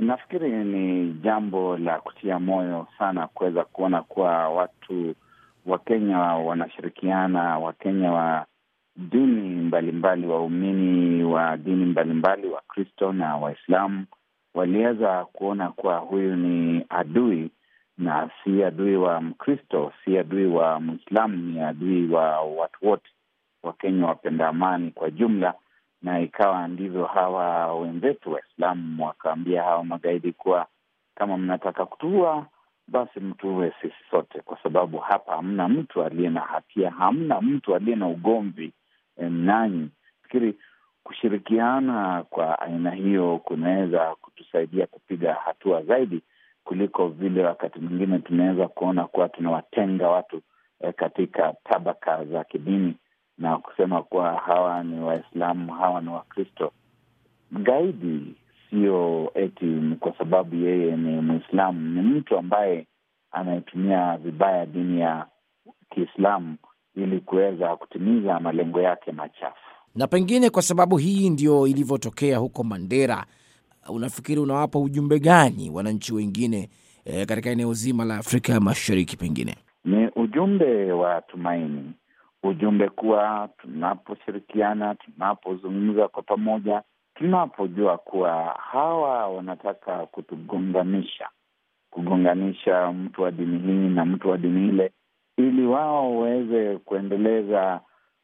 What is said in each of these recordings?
Nafikiri ni jambo la kutia moyo sana kuweza kuona kuwa watu Wakenya wanashirikiana, Wakenya wa dini mbalimbali, waumini wa dini mbalimbali, Wakristo na Waislamu waliweza kuona kuwa huyu ni adui na si adui wa Mkristo, si adui wa Mwislamu, ni adui wa watu wote. Wakenya wapenda amani kwa jumla na ikawa ndivyo hawa wenzetu Waislamu wakaambia hawa magaidi kuwa kama mnataka kutua basi mtuue sisi sote, kwa sababu hapa hamna mtu aliye na hatia, hamna mtu aliye na ugomvi mnanyi. E, fikiri kushirikiana kwa aina hiyo kunaweza kutusaidia kupiga hatua zaidi kuliko vile wakati mwingine tunaweza kuona kuwa tunawatenga watu e, katika tabaka za kidini na kusema kuwa hawa ni Waislamu, hawa ni Wakristo. Gaidi sio eti kwa sababu yeye ni Mwislamu, ni mtu ambaye anayetumia vibaya dini ya Kiislamu ili kuweza kutimiza malengo yake machafu. Na pengine kwa sababu hii ndio ilivyotokea huko Mandera, unafikiri unawapa ujumbe gani wananchi wengine e, katika eneo zima la Afrika Mashariki? Pengine ni ujumbe wa tumaini ujumbe kuwa tunaposhirikiana, tunapozungumza kwa pamoja, tunapojua kuwa hawa wanataka kutugonganisha, kugonganisha mtu wa dini hii na mtu wa dini ile, ili wao waweze kuendeleza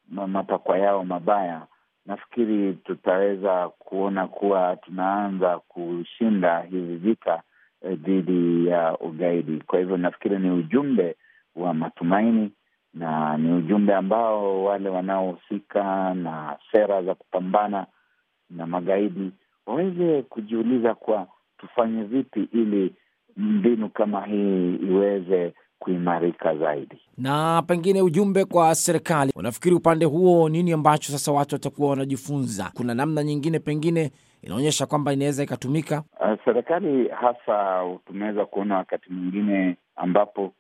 matakwa yao mabaya, nafikiri tutaweza kuona kuwa tunaanza kushinda hivi vita eh, dhidi ya ugaidi. Kwa hivyo nafikiri ni ujumbe wa matumaini na ni ujumbe ambao wale wanaohusika na sera za kupambana na magaidi waweze kujiuliza kwa tufanye vipi ili mbinu kama hii iweze kuimarika zaidi. Na pengine ujumbe kwa serikali, unafikiri upande huo nini ambacho sasa watu watakuwa wanajifunza? Kuna namna nyingine pengine inaonyesha kwamba inaweza ikatumika. Uh, serikali hasa tumeweza kuona wakati mwingine ambapo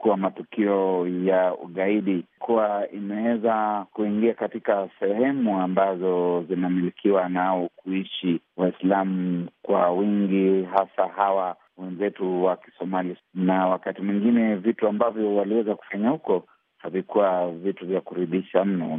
kuwa matukio ya ugaidi kuwa imeweza kuingia katika sehemu ambazo zinamilikiwa nao kuishi Waislamu kwa wingi, hasa hawa wenzetu wa Kisomali, na wakati mwingine vitu ambavyo waliweza kufanya huko havikuwa vitu vya kuridhisha mno.